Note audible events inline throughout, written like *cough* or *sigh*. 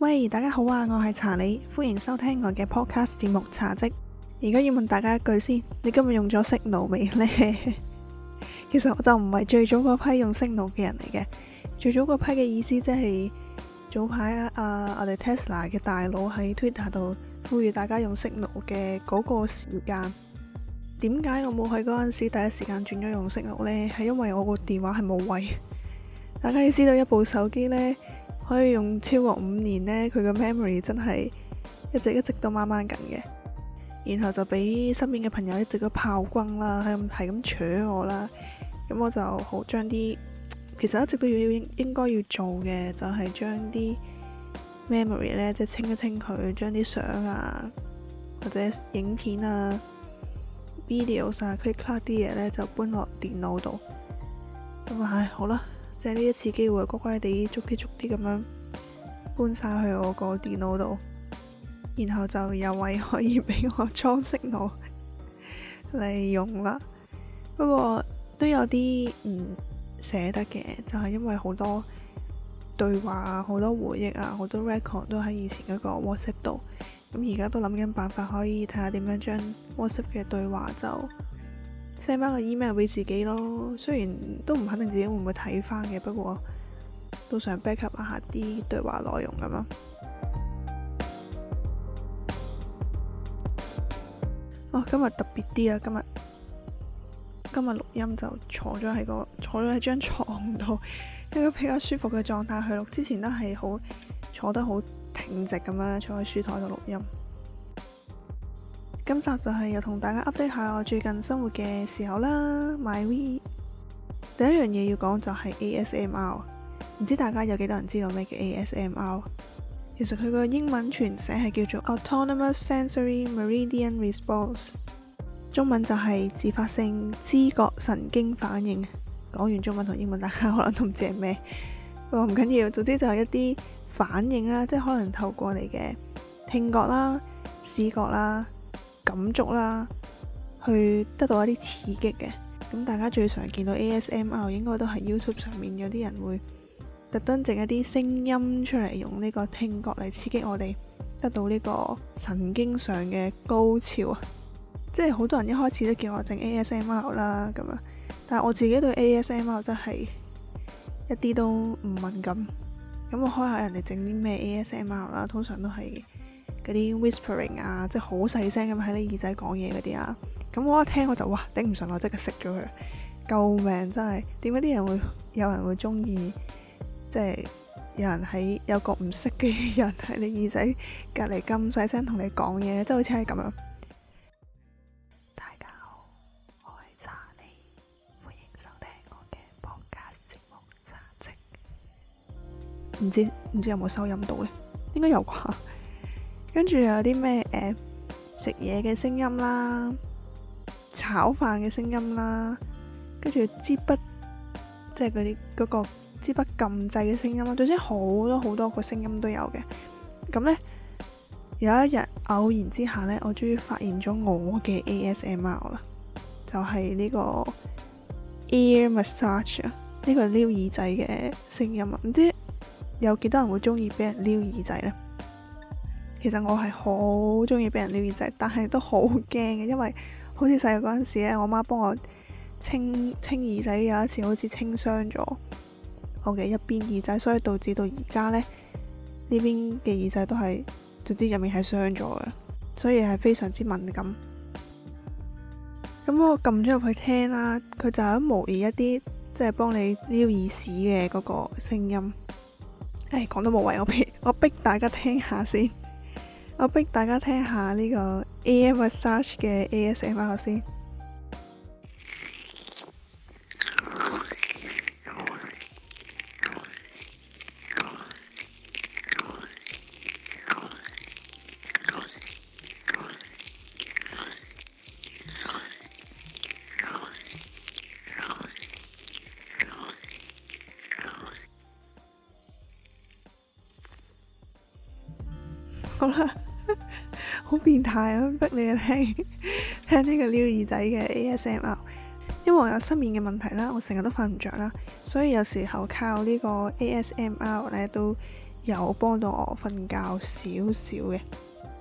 喂，大家好啊，我係查理，歡迎收聽我嘅 podcast 節目查職。而家要問大家一句先，你今日用咗 Signal 未呢？ *laughs* 其實我就唔係最早嗰批用 Signal 嘅人嚟嘅，最早嗰批嘅意思即係早排啊，我哋 Tesla 嘅大佬喺 Twitter 度呼籲大家用 Signal 嘅嗰個時間。點解我冇喺嗰陣時第一時間轉咗用 Signal 呢？係因為我個電話係冇位。大家要知道一部手機呢，可以用超過五年咧，佢個 memory 真係一直一直都掹掹緊嘅，然後就俾身邊嘅朋友一直都炮轟啦，咁係咁搶我啦，咁、嗯、我就好將啲其實一直都要應應該要做嘅，就係將啲 memory 咧即係清一清佢，將啲相啊或者影片啊 videos 啊，quick 啲嘢咧就搬落電腦度，咁、嗯、啊唉好啦。借呢一次機會，乖乖地逐啲逐啲咁樣搬晒去我個電腦度，然後就有位可以俾我裝飾 *laughs* 我利用啦。不過都有啲唔捨得嘅，就係、係、因為好多對話好多回憶啊、好多 record 都喺以前嗰個 WhatsApp 度，咁而家都諗緊辦法，可以睇下點樣將 WhatsApp 嘅對話就～send 翻個 email 俾自己咯，雖然都唔肯定自己會唔會睇翻嘅，不過都想 backup 一下啲對話內容咁樣。哦，今日特別啲啊，今日今日錄音就坐咗喺個坐咗喺張床度，一個比較舒服嘅狀態去錄。之前都係好坐得好挺直咁樣坐喺書台度錄音。今集就係又同大家 update 下我最近生活嘅時候啦。My week 第一樣嘢要講就係 ASMR，唔知大家有幾多人知道咩叫 ASMR？其實佢個英文全寫係叫做 Autonomous Sensory Meridian Response，中文就係自發性知覺神經反應。講完中文同英文，大家可能都唔知係咩，不過唔緊要，總之就係一啲反應啦，即係可能透過你嘅聽覺啦、視覺啦。感觸啦，去得到一啲刺激嘅。咁大家最常見到 ASMR 應該都係 YouTube 上面有啲人會特登整一啲聲音出嚟，用呢個聽覺嚟刺激我哋得到呢個神經上嘅高潮啊！即係好多人一開始都叫我整 ASMR 啦，咁啊，但係我自己對 ASMR 真係一啲都唔敏感。咁我開下人哋整啲咩 ASMR 啦，通常都係。嗰啲 whispering 啊，即係好細聲咁喺你耳仔講嘢嗰啲啊，咁我一聽我就哇頂唔順，我即刻熄咗佢，救命！真係點解啲人會有人會中意即係有人喺有個唔識嘅人喺你耳仔隔離咁細聲同你講嘢 *laughs* 即係好似係咁樣。大家好，我係查理，歡迎收聽我嘅 podcast 節目《茶寂》。唔知唔知有冇收音到呢？應該有啩。跟住有啲咩誒食嘢嘅聲音啦，炒飯嘅聲音啦，跟住支筆，即係嗰啲個支筆撳掣嘅聲音啦，總之好多好多個聲音都有嘅。咁咧有一日偶然之下咧，我終於發現咗我嘅 ASMR、就是、啦，就係呢個 ear massage 啊，呢個撩耳仔嘅聲音啊，唔知有幾多人會中意俾人撩耳仔咧？其實我係好中意俾人撩耳仔，但係都好驚嘅，因為好似細個嗰陣時咧，我媽幫我清清耳仔，有一次好似清傷咗我嘅一邊耳仔，所以導致到而家咧呢邊嘅耳仔都係總之入面係傷咗嘅，所以係非常之敏感。咁我撳咗入去聽啦，佢就係模擬一啲即係幫你撩耳屎嘅嗰個聲音。唉，講都冇謂，我俾我逼大家聽下先。我逼大家聽下呢個 Air Massage 嘅 ASMR 先。好啦。好變態啊！逼你聽聽呢個撩耳仔嘅 ASMR，因為我有失眠嘅問題啦，我成日都瞓唔着啦，所以有時候靠呢個 ASMR 咧都有幫到我瞓覺少少嘅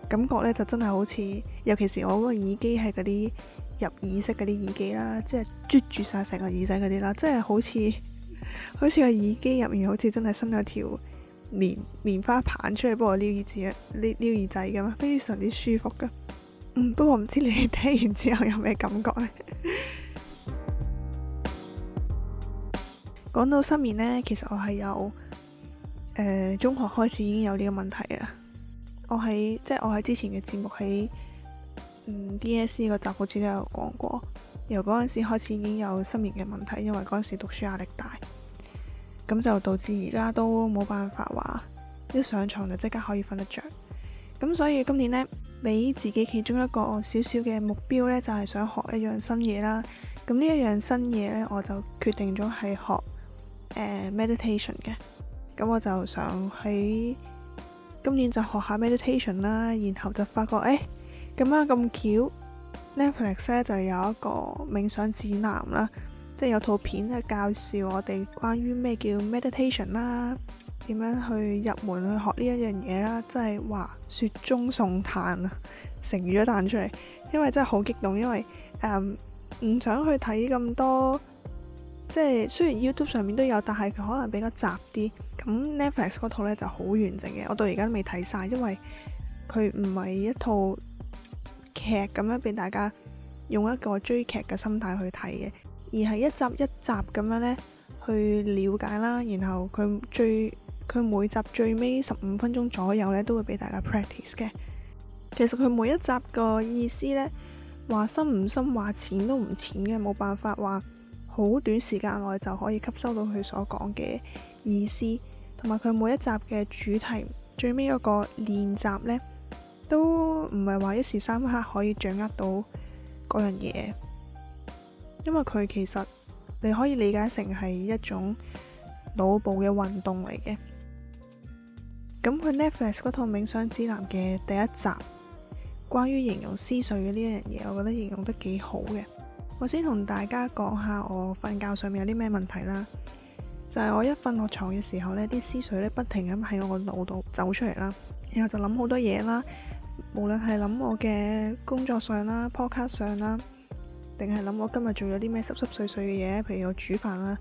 感覺咧，就真係好似，尤其是我嗰個耳機係嗰啲入耳式嗰啲耳機啦，即係啜住晒成個耳仔嗰啲啦，即係好似好似個耳機入面好似真係伸咗條。棉棉花棒出去幫我撩耳仔，撩撩耳仔咁樣，非常之舒服噶。嗯，不過唔知你哋聽完之後有咩感覺呢？講 *laughs* 到失眠呢，其實我係有誒中學開始已經有呢個問題啊。我喺即係我喺之前嘅節目喺、嗯、D S C 個集好似都有講過，由嗰陣時開始已經有失眠嘅問題，因為嗰陣時讀書壓力大。咁就導致而家都冇辦法話一上床就即刻可以瞓得着。咁所以今年呢，俾自己其中一個小小嘅目標呢，就係想學一樣新嘢啦。咁呢一樣新嘢呢，我就決定咗係學、呃、meditation 嘅。咁我就想喺今年就學下 meditation 啦。然後就發覺誒，咁啱咁巧，Netflix 咧就有一個冥想指南啦。即係有套片咧教示我哋關於咩叫 meditation 啦，點樣去入門去學呢一樣嘢啦，即係話雪中送炭啊，成語都彈出嚟，因為真係好激動，因為誒唔、嗯、想去睇咁多，即係雖然 YouTube 上面都有，但係佢可能比較雜啲。咁 Netflix 嗰套咧就好完整嘅，我到而家都未睇晒，因為佢唔係一套劇咁樣俾大家用一個追劇嘅心態去睇嘅。而係一集一集咁樣呢去了解啦。然後佢最佢每集最尾十五分鐘左右呢都會俾大家 practice 嘅。其實佢每一集個意思呢，話深唔深，話淺都唔淺嘅，冇辦法話好短時間內就可以吸收到佢所講嘅意思，同埋佢每一集嘅主題最尾嗰個練習呢，都唔係話一時三刻可以掌握到嗰樣嘢。因為佢其實你可以理解成係一種腦部嘅運動嚟嘅。咁佢 Netflix 嗰套冥想指南嘅第一集，關於形容思緒嘅呢一樣嘢，我覺得形容得幾好嘅。我先同大家講下我瞓覺上面有啲咩問題啦。就係、是、我一瞓落床嘅時候呢啲思緒咧不停咁喺我個腦度走出嚟啦，然後就諗好多嘢啦。無論係諗我嘅工作上啦、Podcast 上啦。定係諗我今日做咗啲咩濕濕碎碎嘅嘢，譬如我煮飯啦，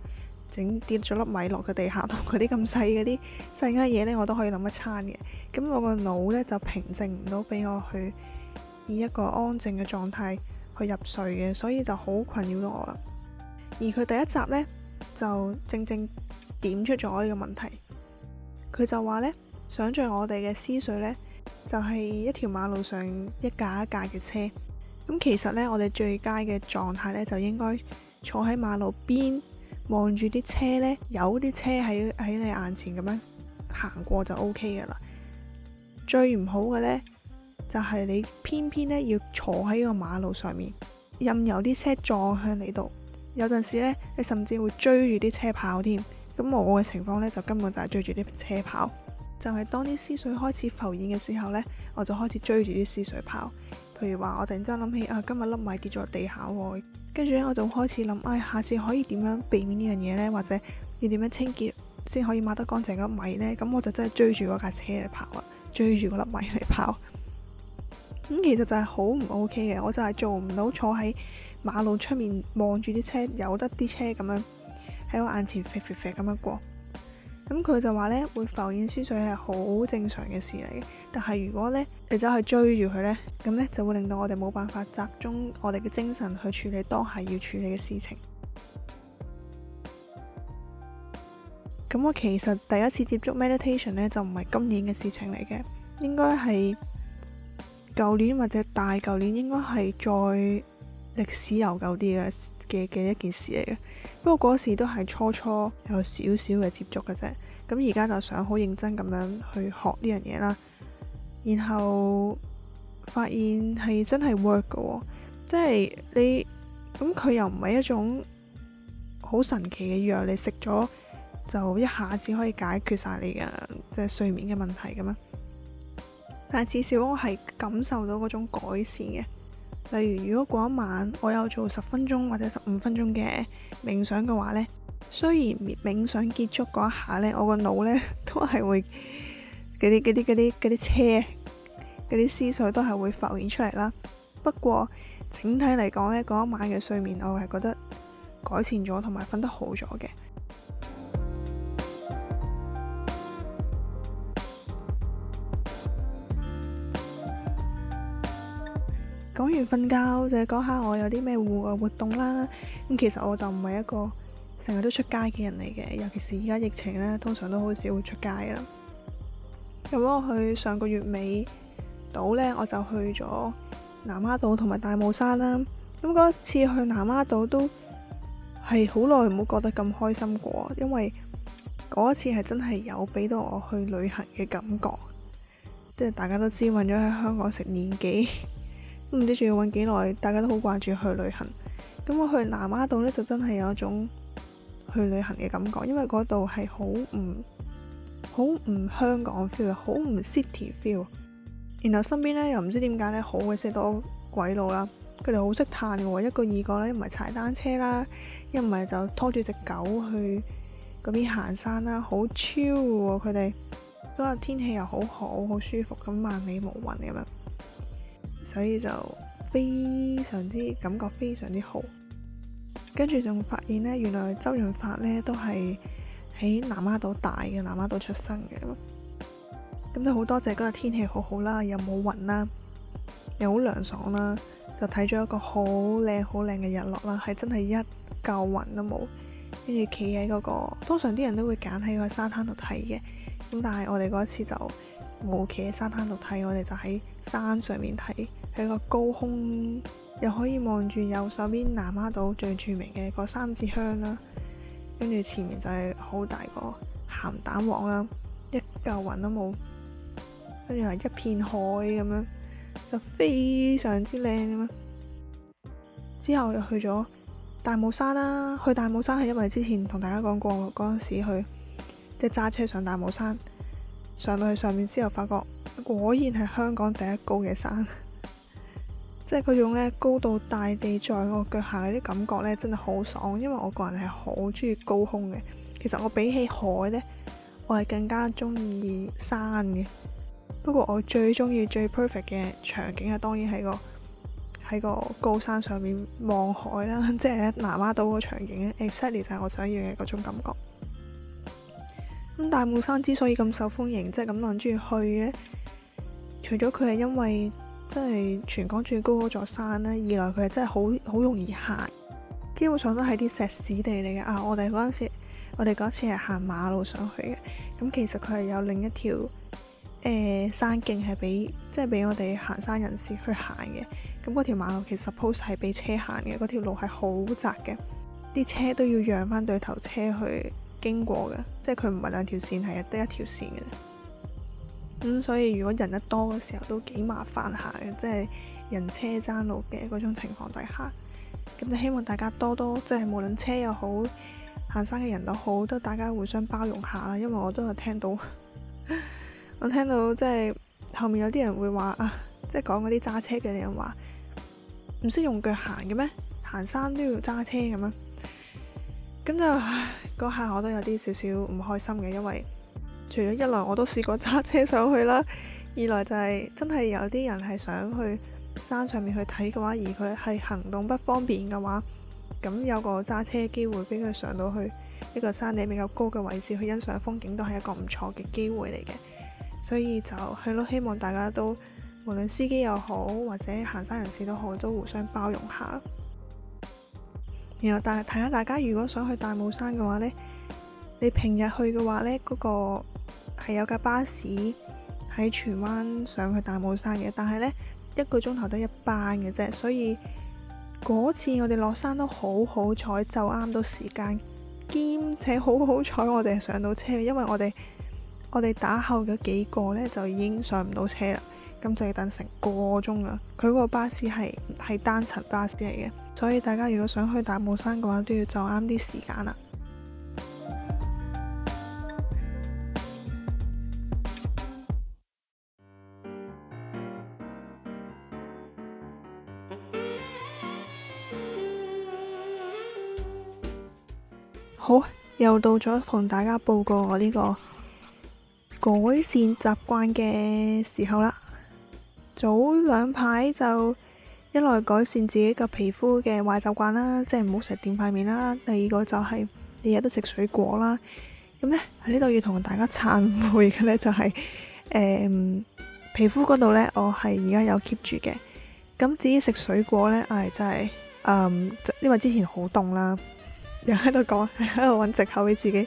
整跌咗粒米落個地下度，嗰啲咁細嗰啲細嘅嘢呢，我都可以諗一餐嘅。咁我個腦呢，就平靜唔到，俾我去以一個安靜嘅狀態去入睡嘅，所以就好困擾到我啦。而佢第一集呢，就正正點出咗呢個問題，佢就話呢，想象我哋嘅思緒呢，就係一條馬路上一架一架嘅車。咁其實咧，我哋最佳嘅狀態咧，就應該坐喺馬路邊，望住啲車咧，有啲車喺喺你眼前咁樣行過就 O K 嘅啦。最唔好嘅咧，就係你偏偏咧要坐喺個馬路上面，任由啲車撞向你度。有陣時咧，你甚至會追住啲車跑添。咁我嘅情況咧，就根本就係追住啲車跑。就係當啲思緒開始浮現嘅時候咧，我就開始追住啲思緒跑。譬如話我突然間諗起啊，今日粒米跌咗地下，跟住咧我就開始諗，唉、哎，下次可以點樣避免呢樣嘢呢？或者要點樣清潔先可以抹得乾淨個米呢？咁我就真係追住嗰架車嚟跑啊，追住嗰粒米嚟跑。咁、嗯、其實就係好唔 OK 嘅，我就係做唔到坐喺馬路出面望住啲車，有得啲車咁樣喺我眼前飛飛飛咁樣過。咁佢就話呢，會浮現思緒係好正常嘅事嚟嘅。但係如果呢，你走去追住佢呢，咁呢就會令到我哋冇辦法集中我哋嘅精神去處理當下要處理嘅事情。咁 *noise* 我其實第一次接觸 meditation 呢，就唔係今年嘅事情嚟嘅，應該係舊年或者大舊年，應該係再歷史悠久啲嘅。嘅嘅一件事嚟嘅，不過嗰時都係初初有少少嘅接觸嘅啫，咁而家就想好認真咁樣去學呢樣嘢啦，然後發現係真係 work 㗎，即係你咁佢又唔係一種好神奇嘅藥，你食咗就一下子可以解決晒你嘅即係睡眠嘅問題㗎嘛。但係至少我係感受到嗰種改善嘅。例如，如果嗰一晚我有做十分鐘或者十五分鐘嘅冥想嘅話呢，雖然冥想結束嗰一下呢，我個腦呢都係會嗰啲啲啲啲車嗰啲思緒都係會浮現出嚟啦。不過整體嚟講呢，嗰一晚嘅睡眠我係覺得改善咗，同埋瞓得好咗嘅。講完瞓覺，就係講下我有啲咩戶外活動啦。咁、嗯、其實我就唔係一個成日都出街嘅人嚟嘅，尤其是而家疫情咧，通常都好少會出街啦。咁、嗯、我去上個月尾島咧，我就去咗南丫島同埋大帽山啦。咁、嗯、嗰次去南丫島都係好耐冇覺得咁開心過，因為嗰一次係真係有俾到我去旅行嘅感覺，即係大家都知揾咗喺香港食年幾。唔知仲要揾幾耐，大家都好掛住去旅行。咁我去南丫島呢，就真係有一種去旅行嘅感覺，因為嗰度係好唔好唔香港 feel，好唔 city feel。然後身邊呢，又唔知點解呢，好鬼死多鬼佬啦，佢哋好識嘆喎，一個二個呢，唔係踩單車啦，一唔係就拖住隻狗去嗰邊行山啦，好超喎佢哋。嗰日天氣又好好，好舒服咁，萬里無雲咁樣。所以就非常之感覺非常之好，跟住仲發現呢，原來周潤發呢都係喺南丫島大嘅，南丫島出生嘅。咁都好多謝今日天氣好好啦，又冇雲啦，又好涼爽啦，就睇咗一個好靚好靚嘅日落啦，係真係一嚿雲都冇，跟住企喺嗰個，通常啲人都會揀喺個沙灘度睇嘅，咁但係我哋嗰次就～冇企喺沙灘度睇，我哋就喺山上面睇，喺個高空又可以望住右手邊南丫島最著名嘅個三支香啦。跟住前面就係好大個鹹蛋黃啦，一嚿雲都冇，跟住係一片海咁樣，就非常之靚咁樣。之後又去咗大帽山啦，去大帽山係因為之前同大家講過嗰陣時去，即係揸車上大帽山。上到去上面之後，發覺果然係香港第一高嘅山，即係嗰種高到大地在我腳下嘅啲感覺呢真係好爽。因為我個人係好中意高空嘅，其實我比起海呢，我係更加中意山嘅。不過我最中意最 perfect 嘅場景啊，當然係個喺個高山上面望海啦，即係南丫島嗰場景，exactly 就係我想要嘅嗰種感覺。咁大帽山之所以咁受歡迎，即係咁諗住去呢除咗佢係因為真係、就是、全港最高嗰座山呢二來佢係真係好好容易行，基本上都係啲石屎地嚟嘅。啊，我哋嗰陣時，我哋嗰次係行馬路上去嘅。咁其實佢係有另一條誒、呃、山徑係俾即係俾我哋行山人士去行嘅。咁嗰條馬路其實 suppose 係俾車行嘅，嗰條路係好窄嘅，啲車都要讓翻對頭車去。經過嘅，即係佢唔係兩條線，係得一條線嘅。咁、嗯、所以如果人一多嘅時候都幾麻煩下嘅，即係人車爭路嘅嗰種情況底下，咁、嗯、就希望大家多多，即係無論車又好，行山嘅人都好，都大家互相包容下啦。因為我都有聽到， *laughs* 我聽到即係後面有啲人會話啊，即係講嗰啲揸車嘅人話唔識用腳行嘅咩？行山都要揸車咁啊？咁就嗰下我都有啲少少唔開心嘅，因為除咗一來我都試過揸車上去啦，二來就係真係有啲人係想去山上面去睇嘅話，而佢係行動不方便嘅話，咁有個揸車機會俾佢上到去一個山頂比較高嘅位置去欣賞風景，都係一個唔錯嘅機會嚟嘅。所以就係咯，希望大家都無論司機又好或者行山人士都好，都互相包容下。然後但係睇下大家如果想去大帽山嘅話呢，你平日去嘅話呢，嗰個係有架巴士喺荃灣上去大帽山嘅，但係呢一個鐘頭得一班嘅啫，所以嗰次我哋落山都好好彩，就啱到時間，兼且好好彩我哋係上到車，因為我哋我哋打後嘅幾個咧就已經上唔到車啦，咁就要等成個鐘啦。佢嗰個巴士係係單層巴士嚟嘅。所以大家如果想去大帽山嘅話，都要就啱啲時間啦。 *music* 好，又到咗同大家報告我呢個改善習慣嘅時候啦。早兩排就。一來改善自己嘅皮膚嘅壞習慣啦，即係唔好成日墊塊面啦。第二個就係日日都食水果啦。咁呢，喺呢度要同大家懺悔嘅呢，就係、是，誒、嗯、皮膚嗰度呢，我係而家有 keep 住嘅。咁至於食水果呢，唉，就係、是，嗯，因為之前好凍啦，又喺度講喺度揾藉口俾自己。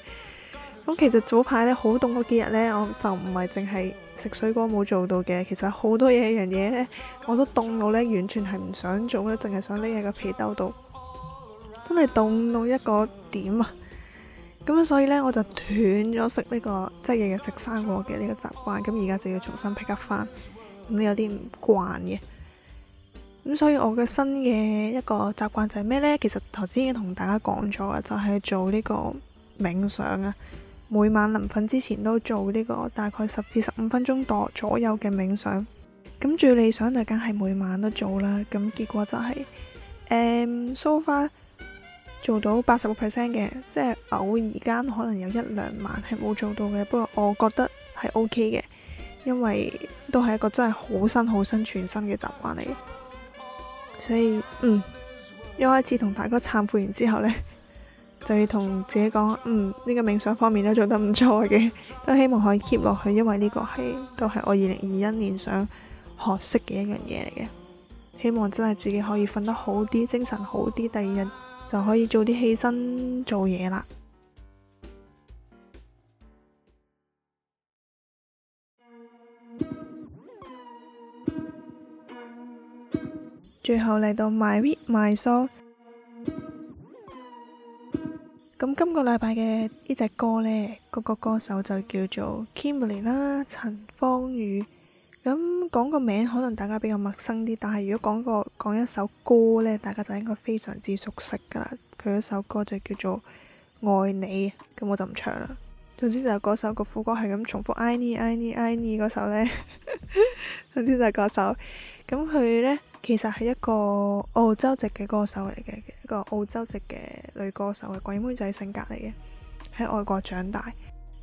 咁其實早排呢，好凍嗰幾日呢，我就唔係淨係。食水果冇做到嘅，其實好多嘢一樣嘢呢，我都凍到呢，完全係唔想做呢，淨係想匿喺個被兜度，真係凍到一個點啊！咁所以呢，我就斷咗食呢個即係日日食生果嘅呢個習慣，咁而家就要重新劈一翻，咁有啲唔慣嘅。咁所以我嘅新嘅一個習慣就係咩呢？其實頭先已經同大家講咗喇，就係做呢個冥想啊。每晚臨瞓之前都做呢個大概十至十五分鐘度左右嘅冥想，咁最理想就梗係每晚都做啦。咁結果就係、是，誒，so far 做到八十個 percent 嘅，即係偶然間可能有一兩晚係冇做到嘅。不過我覺得係 OK 嘅，因為都係一個真係好新好新全新嘅習慣嚟。所以，嗯，一開始同大哥懺悔完之後呢。就要同自己講，嗯，呢、這個冥想方面都做得唔錯嘅，都希望可以 keep 落去，因為呢、這個係都係我二零二一年想學識嘅一樣嘢嚟嘅。希望真係自己可以瞓得好啲，精神好啲，第二日就可以早啲起身做嘢啦。最後嚟到 My Week My Song。咁今個禮拜嘅呢隻歌呢，嗰、那個歌手就叫做 Kimberley 啦，陳芳語。咁講個名可能大家比較陌生啲，但係如果講個講一首歌呢，大家就應該非常之熟悉㗎啦。佢一首歌就叫做《愛你》，咁我就唔唱啦。總之就係嗰首個副歌係咁重複 I need, I need, I need 嗰首呢。 *laughs* 總之就係嗰首，咁佢呢。其實係一個澳洲籍嘅歌手嚟嘅，一個澳洲籍嘅女歌手嘅鬼妹仔性格嚟嘅，喺外國長大。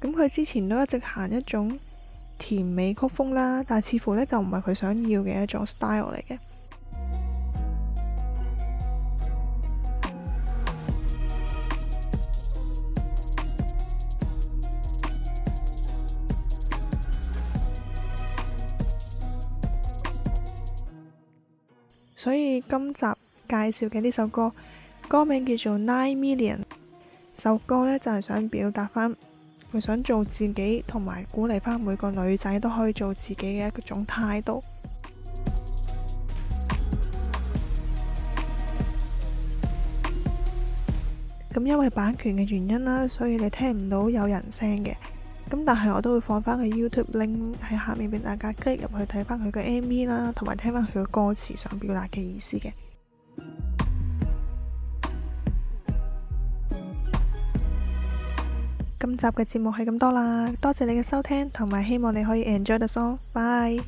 咁佢之前都一直行一種甜美曲風啦，但係似乎呢就唔係佢想要嘅一種 style 嚟嘅。今集介紹嘅呢首歌，歌名叫做《Nine Million》。首歌呢，就係想表達翻，佢想做自己，同埋鼓勵翻每個女仔都可以做自己嘅一種態度。咁因為版權嘅原因啦，所以你聽唔到有人聲嘅。咁但係我都會放翻個 YouTube link 喺下面俾大家 click 入去睇翻佢嘅 MV 啦，同埋聽翻佢嘅歌詞想表達嘅意思嘅。今集嘅節目係咁多啦，多謝你嘅收聽，同埋希望你可以 enjoy the song。Bye。